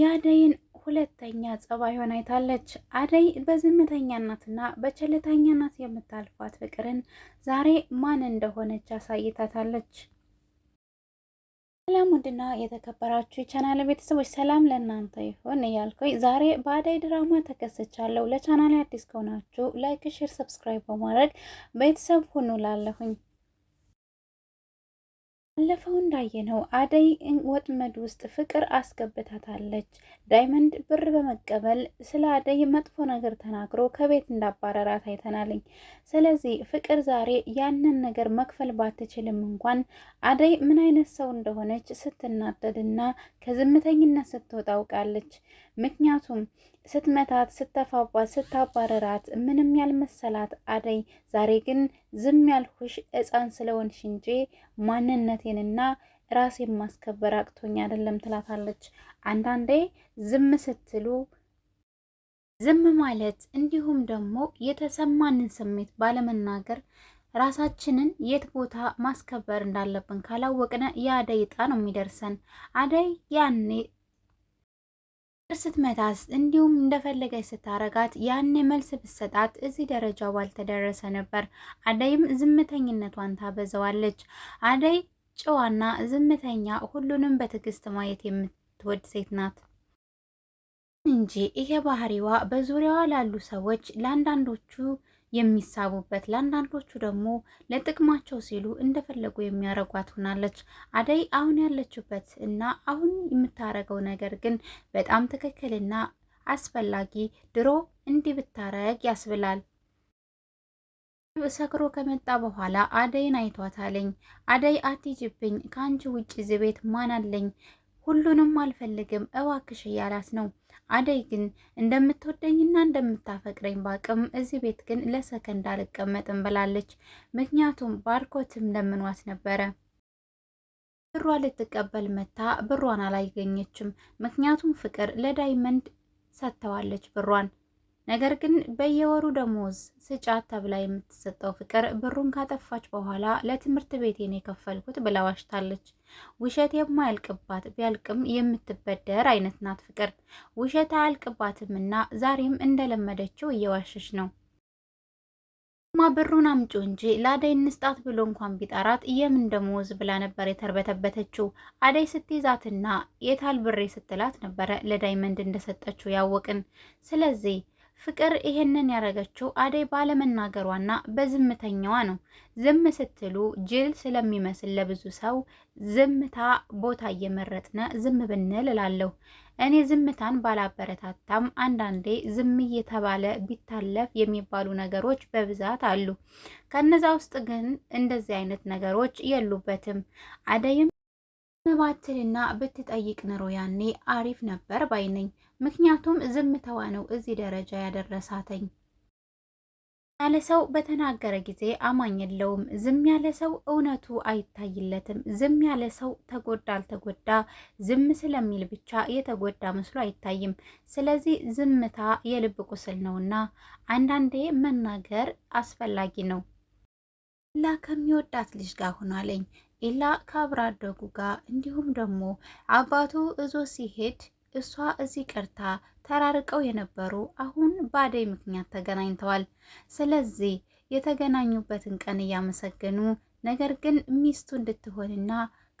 የአደይን ሁለተኛ ጸባዩን አይታለች። አደይ በዝምተኛናትና በቸልተኛናት የምታልፋት ፍቅርን ዛሬ ማን እንደሆነች አሳይታታለች። ሰላም ውድና የተከበራችሁ የቻናል ቤተሰቦች ሰላም ለእናንተ ይሁን እያልኩኝ ዛሬ በአደይ ድራማ ተከስቻለሁ። ለቻናል አዲስ ከሆናችሁ ላይክ፣ ሼር፣ ሰብስክራይብ በማድረግ ቤተሰብ ሁኑ ላለሁኝ ባለፈው እንዳየነው አደይ ወጥመድ ውስጥ ፍቅር አስገብታታለች። ዳይመንድ ብር በመቀበል ስለ አደይ መጥፎ ነገር ተናግሮ ከቤት እንዳባረራት አይተናልኝ። ስለዚህ ፍቅር ዛሬ ያንን ነገር መክፈል ባትችልም እንኳን አደይ ምን አይነት ሰው እንደሆነች ስትናደድና ከዝምተኝነት ስትወጣ አውቃለች። ምክንያቱም ስትመታት፣ ስተፋባት ስታባረራት ምንም ያልመሰላት አደይ ዛሬ ግን ዝም ያልኩሽ ሕፃን ስለሆንሽ እንጂ ማንነቴንና ራሴን ማስከበር አቅቶኝ አይደለም ትላታለች። አንዳንዴ ዝም ስትሉ ዝም ማለት እንዲሁም ደግሞ የተሰማንን ስሜት ባለመናገር ራሳችንን የት ቦታ ማስከበር እንዳለብን ካላወቅነ የአደይ ዕጣ ነው የሚደርሰን። አደይ ያኔ ስትመታስ እንዲሁም እንደፈለገች ስታረጋት ያኔ መልስ ብትሰጣት እዚህ ደረጃ ባልተደረሰ ነበር። አደይም ዝምተኝነቷን ታበዘዋለች። አደይ ጨዋና ዝምተኛ፣ ሁሉንም በትዕግስት ማየት የምትወድ ሴት ናት እንጂ ይሄ ባህሪዋ በዙሪያዋ ላሉ ሰዎች ለአንዳንዶቹ የሚሳቡበት ለአንዳንዶቹ ደግሞ ለጥቅማቸው ሲሉ እንደፈለጉ የሚያረጓት ሆናለች። አደይ አሁን ያለችበት እና አሁን የምታረገው ነገር ግን በጣም ትክክልና አስፈላጊ ድሮ እንዲህ ብታረግ ያስብላል። ሰክሮ ከመጣ በኋላ አደይን አይቷታለኝ። አደይ አትጅብኝ፣ ከአንቺ ውጭ ዝቤት ማን አለኝ? ሁሉንም አልፈልግም እባክሽ እያላት ነው። አደይ ግን እንደምትወደኝና እንደምታፈቅረኝ ባቅም እዚህ ቤት ግን ለሰከንድ አልቀመጥም ብላለች። ምክንያቱም ባርኮትም ለምኗት ነበረ ብሯ ልትቀበል መታ ብሯን አላይገኘችም ምክንያቱም ፍቅር ለዳይመንድ ሰጥተዋለች ብሯን ነገር ግን በየወሩ ደሞዝ ስጫት ተብላ የምትሰጠው ፍቅር ብሩን ካጠፋች በኋላ ለትምህርት ቤቴን የከፈልኩት ብላ ዋሽታለች። ውሸት የማያልቅባት ቢያልቅም የምትበደር አይነት ናት ፍቅር። ውሸት አያልቅባትም እና ዛሬም እንደለመደችው እየዋሸች ነው። ማ ብሩን አምጪ እንጂ ለአደይ እንስጣት ብሎ እንኳን ቢጠራት የምን ደሞዝ ብላ ነበር የተርበተበተችው። አደይ ስትይዛትና የታል ብሬ ስትላት ነበረ ለዳይመንድ እንደሰጠችው ያወቅን። ስለዚህ ፍቅር ይሄንን ያደረገችው አደይ ባለመናገሯና በዝምተኛዋ ነው። ዝም ስትሉ ጅል ስለሚመስል ለብዙ ሰው ዝምታ ቦታ እየመረጥነ ዝም ብንል እላለሁ። እኔ ዝምታን ባላበረታታም አንዳንዴ ዝም እየተባለ ቢታለፍ የሚባሉ ነገሮች በብዛት አሉ። ከነዛ ውስጥ ግን እንደዚህ አይነት ነገሮች የሉበትም። አደይም ባትልና ብትጠይቅ ኖሮ ያኔ አሪፍ ነበር ባይነኝ ምክንያቱም ዝምታዋ ነው እዚህ ደረጃ ያደረሳተኝ ያለ ሰው በተናገረ ጊዜ አማኝ የለውም። ዝም ያለ ሰው እውነቱ አይታይለትም። ዝም ያለ ሰው ተጎዳ አልተጎዳ ዝም ስለሚል ብቻ የተጎዳ መስሎ አይታይም። ስለዚህ ዝምታ የልብ ቁስል ነውና አንዳንዴ መናገር አስፈላጊ ነው። ኢላ ከሚወዳት ልጅ ጋር ሆናለኝ። ኢላ ካብራደጉ ጋር እንዲሁም ደግሞ አባቱ እዞ ሲሄድ እሷ እዚህ ቀርታ ተራርቀው የነበሩ አሁን በአደይ ምክንያት ተገናኝተዋል። ስለዚህ የተገናኙበትን ቀን እያመሰገኑ ነገር ግን ሚስቱ እንድትሆንና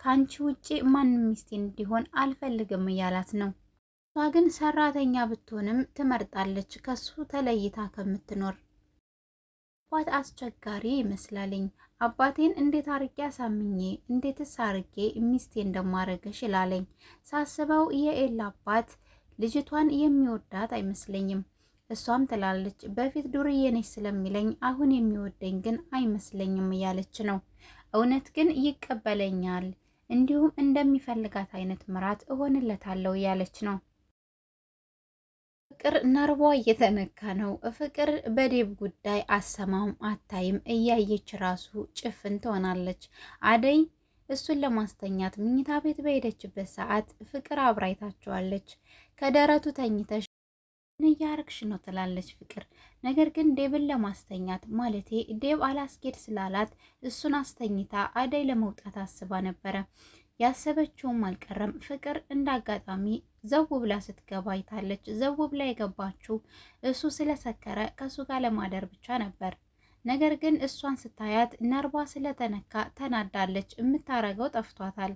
ከአንቺ ውጪ ማንም ሚስቴ እንዲሆን አልፈልግም እያላት ነው። እሷ ግን ሰራተኛ ብትሆንም ትመርጣለች ከሱ ተለይታ ከምትኖር ኋት አስቸጋሪ ይመስላልኝ። አባቴን እንዴት አርጌ አሳምኜ እንዴትስ አርጌ ሚስቴ እንደማረገሽ ይላለኝ። ሳስበው የኤላ አባት ልጅቷን የሚወዳት አይመስለኝም። እሷም ትላለች በፊት ዱርዬ ነሽ ስለሚለኝ አሁን የሚወደኝ ግን አይመስለኝም እያለች ነው። እውነት ግን ይቀበለኛል፣ እንዲሁም እንደሚፈልጋት አይነት ምራት እሆንለታለሁ እያለች ነው። ፍቅር ነርቧ እየተነካ ነው። ፍቅር በዴብ ጉዳይ አሰማም አታይም እያየች ራሱ ጭፍን ትሆናለች። አደይ እሱን ለማስተኛት ምኝታ ቤት በሄደችበት ሰዓት ፍቅር አብራይታቸዋለች። ከደረቱ ተኝተሽ ምን እያረግሽ ነው ትላለች ፍቅር። ነገር ግን ዴብን ለማስተኛት ማለቴ ዴብ አላስኬድ ስላላት እሱን አስተኝታ አደይ ለመውጣት አስባ ነበረ። ያሰበችውም አልቀረም። ፍቅር እንዳጋጣሚ ዘው ብላ ስትገባ አይታለች። ዘው ብላ የገባችው እሱ ስለሰከረ ከእሱ ጋር ለማደር ብቻ ነበር። ነገር ግን እሷን ስታያት ነርቧ ስለተነካ ተናዳለች። የምታረገው ጠፍቷታል።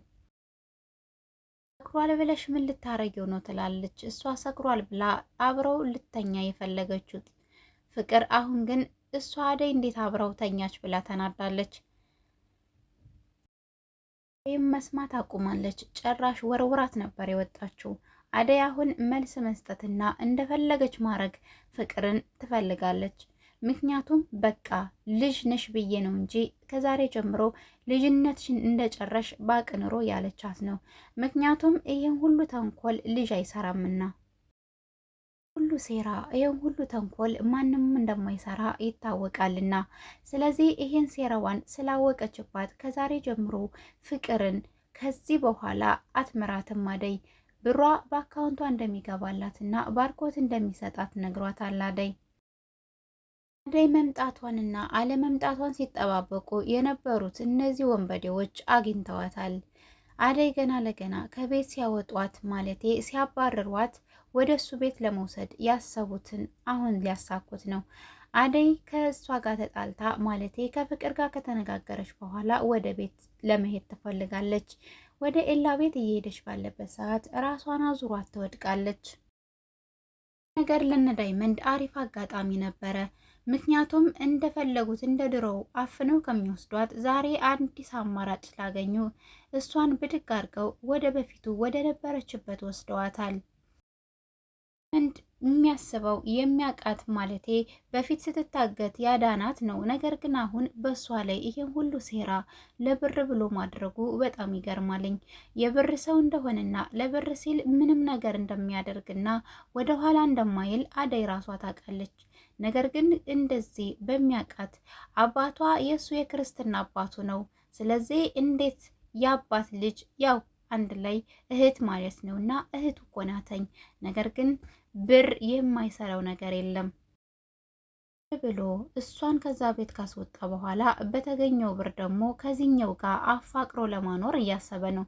ሰክሯል ብለሽ ምን ልታረጊው ነው ትላለች። እሷ ሰክሯል ብላ አብረው ልተኛ የፈለገችው ፍቅር አሁን ግን እሷ አደይ እንዴት አብረው ተኛች ብላ ተናዳለች። ይህም መስማት አቁማለች። ጭራሽ ወርውራት ነበር የወጣችው። አደይ አሁን መልስ መስጠትና እንደፈለገች ማድረግ ፍቅርን ትፈልጋለች። ምክንያቱም በቃ ልጅ ነሽ ብዬ ነው እንጂ ከዛሬ ጀምሮ ልጅነትሽን እንደጨረሽ ባቅ ኑሮ ያለቻት ነው። ምክንያቱም ይህን ሁሉ ተንኮል ልጅ አይሰራምና ሁሉ ሴራ ይህም ሁሉ ተንኮል ማንም እንደማይሰራ ይታወቃልና፣ ስለዚህ ይህን ሴራዋን ስላወቀችባት ከዛሬ ጀምሮ ፍቅርን ከዚህ በኋላ አትምራትም። አደይ ብሯ በአካውንቷ እንደሚገባላትና ባርኮት እንደሚሰጣት ነግሯታል። አደይ አደይ መምጣቷንና አለመምጣቷን ሲጠባበቁ የነበሩት እነዚህ ወንበዴዎች አግኝተዋታል። አደይ ገና ለገና ከቤት ሲያወጧት ማለቴ ሲያባረሯት ወደ እሱ ቤት ለመውሰድ ያሰቡትን አሁን ሊያሳኩት ነው። አደይ ከእሷ ጋር ተጣልታ ማለቴ ከፍቅር ጋር ከተነጋገረች በኋላ ወደ ቤት ለመሄድ ትፈልጋለች። ወደ ኤላ ቤት እየሄደች ባለበት ሰዓት ራሷን አዙሯት ትወድቃለች። ነገር ለነ ዳይመንድ አሪፍ አጋጣሚ ነበረ። ምክንያቱም እንደፈለጉት እንደ ድሮው አፍነው ከሚወስዷት ዛሬ አዲስ አማራጭ ስላገኙ እሷን ብድግ አድርገው ወደ በፊቱ ወደ ነበረችበት ወስደዋታል። እንድ የሚያስበው የሚያቃት ማለቴ በፊት ስትታገት ያዳናት ነው። ነገር ግን አሁን በእሷ ላይ ይሄን ሁሉ ሴራ ለብር ብሎ ማድረጉ በጣም ይገርማልኝ። የብር ሰው እንደሆነና ለብር ሲል ምንም ነገር እንደሚያደርግና ወደ ኋላ እንደማይል አደይ ራሷ ታውቃለች። ነገር ግን እንደዚህ በሚያቃት አባቷ የእሱ የክርስትና አባቱ ነው። ስለዚህ እንዴት የአባት ልጅ ያው አንድ ላይ እህት ማለት ነው እና እህቱ እኮ ናተኝ። ነገር ግን ብር የማይሰራው ነገር የለም ብሎ እሷን ከዛ ቤት ካስወጣ በኋላ በተገኘው ብር ደግሞ ከዚህኛው ጋር አፋቅሮ ለማኖር እያሰበ ነው።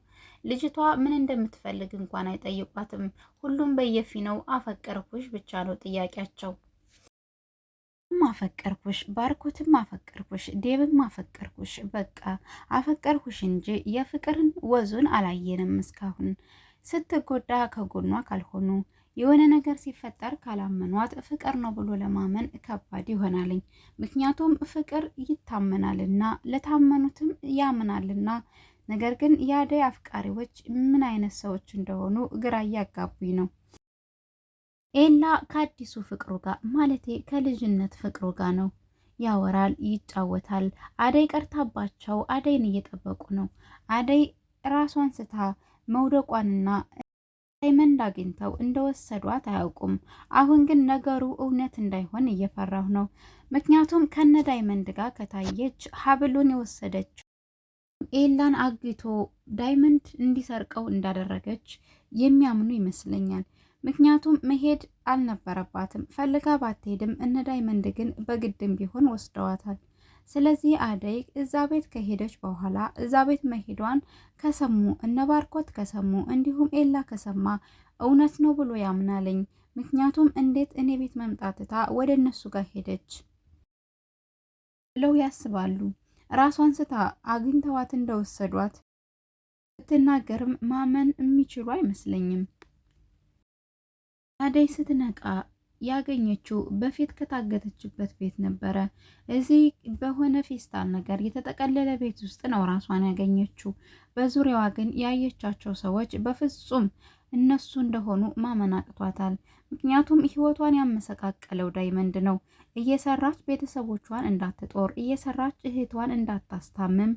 ልጅቷ ምን እንደምትፈልግ እንኳን አይጠይቋትም። ሁሉም ነው አፈቀርኩሽ ብቻ ነው ጥያቄያቸው። አፈቀርኩሽ ባርኮትም አፈቀርኩሽ ዴብም አፈቀርኩሽ በቃ አፈቀርኩሽ እንጂ የፍቅርን ወዙን አላየንም እስካሁን። ስትጎዳ ከጎኗ ካልሆኑ የሆነ ነገር ሲፈጠር ካላመኗት ፍቅር ነው ብሎ ለማመን ከባድ ይሆናልኝ። ምክንያቱም ፍቅር ይታመናልና ለታመኑትም ያምናልና። ነገር ግን የአደይ አፍቃሪዎች ምን አይነት ሰዎች እንደሆኑ ግራ እያጋቡኝ ነው። ኤላ ከአዲሱ ፍቅሩ ጋር ማለቴ ከልጅነት ፍቅሩ ጋር ነው ያወራል፣ ይጫወታል። አደይ ቀርታባቸው አደይን እየጠበቁ ነው። አደይ ራሷን ስታ መውደቋንና ዳይመንድ አግኝተው እንደወሰዷት አያውቁም። አሁን ግን ነገሩ እውነት እንዳይሆን እየፈራሁ ነው። ምክንያቱም ከነ ዳይመንድ ጋር ከታየች ሀብሉን የወሰደችው ኤላን አግቶ ዳይመንድ እንዲሰርቀው እንዳደረገች የሚያምኑ ይመስለኛል። ምክንያቱም መሄድ አልነበረባትም። ፈልጋ ባትሄድም እነ ዳይመንድ ግን በግድም ቢሆን ወስደዋታል። ስለዚህ አደይ እዛ ቤት ከሄደች በኋላ እዛ ቤት መሄዷን ከሰሙ እነ ባርኮት ከሰሙ እንዲሁም ኤላ ከሰማ እውነት ነው ብሎ ያምናለኝ። ምክንያቱም እንዴት እኔ ቤት መምጣትታ ወደ እነሱ ጋር ሄደች ብለው ያስባሉ። ራሷን ስታ አግኝተዋት እንደወሰዷት ብትናገርም ማመን የሚችሉ አይመስለኝም። አደይ ስትነቃ ያገኘችው በፊት ከታገተችበት ቤት ነበረ። እዚህ በሆነ ፌስታል ነገር የተጠቀለለ ቤት ውስጥ ነው ራሷን ያገኘችው። በዙሪያዋ ግን ያየቻቸው ሰዎች በፍጹም እነሱ እንደሆኑ ማመን አቅቷታል። ምክንያቱም ህይወቷን ያመሰቃቀለው ዳይመንድ ነው። እየሰራች ቤተሰቦቿን እንዳትጦር፣ እየሰራች እህቷን እንዳታስታምም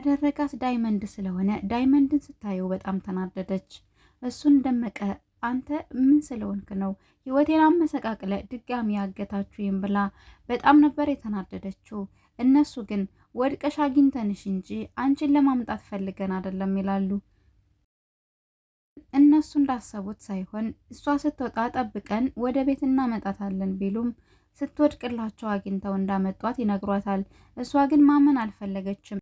ያደረጋት ዳይመንድ ስለሆነ ዳይመንድን ስታየው በጣም ተናደደች። እሱን ደመቀ አንተ ምን ስለሆንክ ነው ህይወቴን አመሰቃቅለ ድጋሚ ያገታችሁኝ? ብላ በጣም ነበር የተናደደችው። እነሱ ግን ወድቀሽ አግኝተንሽ እንጂ አንቺን ለማምጣት ፈልገን አይደለም ይላሉ። እነሱ እንዳሰቡት ሳይሆን እሷ ስትወጣ ጠብቀን ወደ ቤት እናመጣታለን ቢሉም ስትወድቅላቸው አግኝተው እንዳመጧት ይነግሯታል። እሷ ግን ማመን አልፈለገችም።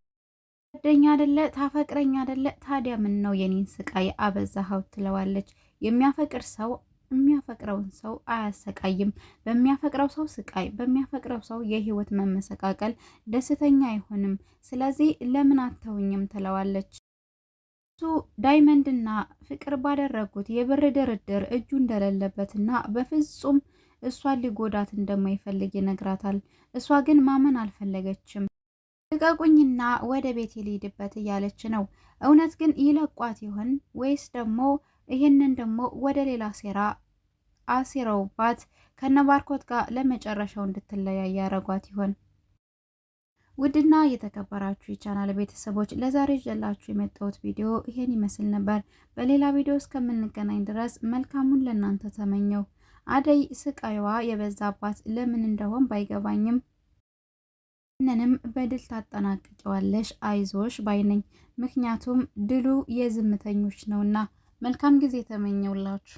ጓደኛ አደለ ታፈቅረኝ አደለ ታዲያ ምን ነው የኔን ስቃይ አበዛኸው? ትለዋለች። የሚያፈቅር ሰው የሚያፈቅረውን ሰው አያሰቃይም። በሚያፈቅረው ሰው ስቃይ፣ በሚያፈቅረው ሰው የህይወት መመሰቃቀል ደስተኛ አይሆንም። ስለዚህ ለምን አተውኝም? ትለዋለች። እሱ ዳይመንድና ፍቅር ባደረጉት የብር ድርድር እጁ እንደሌለበትና በፍጹም እሷን ሊጎዳት እንደማይፈልግ ይነግራታል። እሷ ግን ማመን አልፈለገችም። ልቀቁኝና ወደ ቤት ሊሄድበት እያለች ነው። እውነት ግን ይለቋት ይሆን ወይስ ደግሞ ይህንን ደግሞ ወደ ሌላ ሴራ አሲረውባት ከነባርኮት ጋር ለመጨረሻው እንድትለያይ ያረጓት ይሆን? ውድና የተከበራችሁ የቻናል ቤተሰቦች ለዛሬ ይዤላችሁ የመጣሁት ቪዲዮ ይሄን ይመስል ነበር። በሌላ ቪዲዮ እስከምንገናኝ ድረስ መልካሙን ለእናንተ ተመኘው። አደይ ስቃይዋ የበዛባት ለምን እንደሆን ባይገባኝም ይህንንም በድል ታጠናቅቂዋለሽ፣ አይዞሽ ባይነኝ። ምክንያቱም ድሉ የዝምተኞች ነውና። መልካም ጊዜ ተመኘውላችሁ።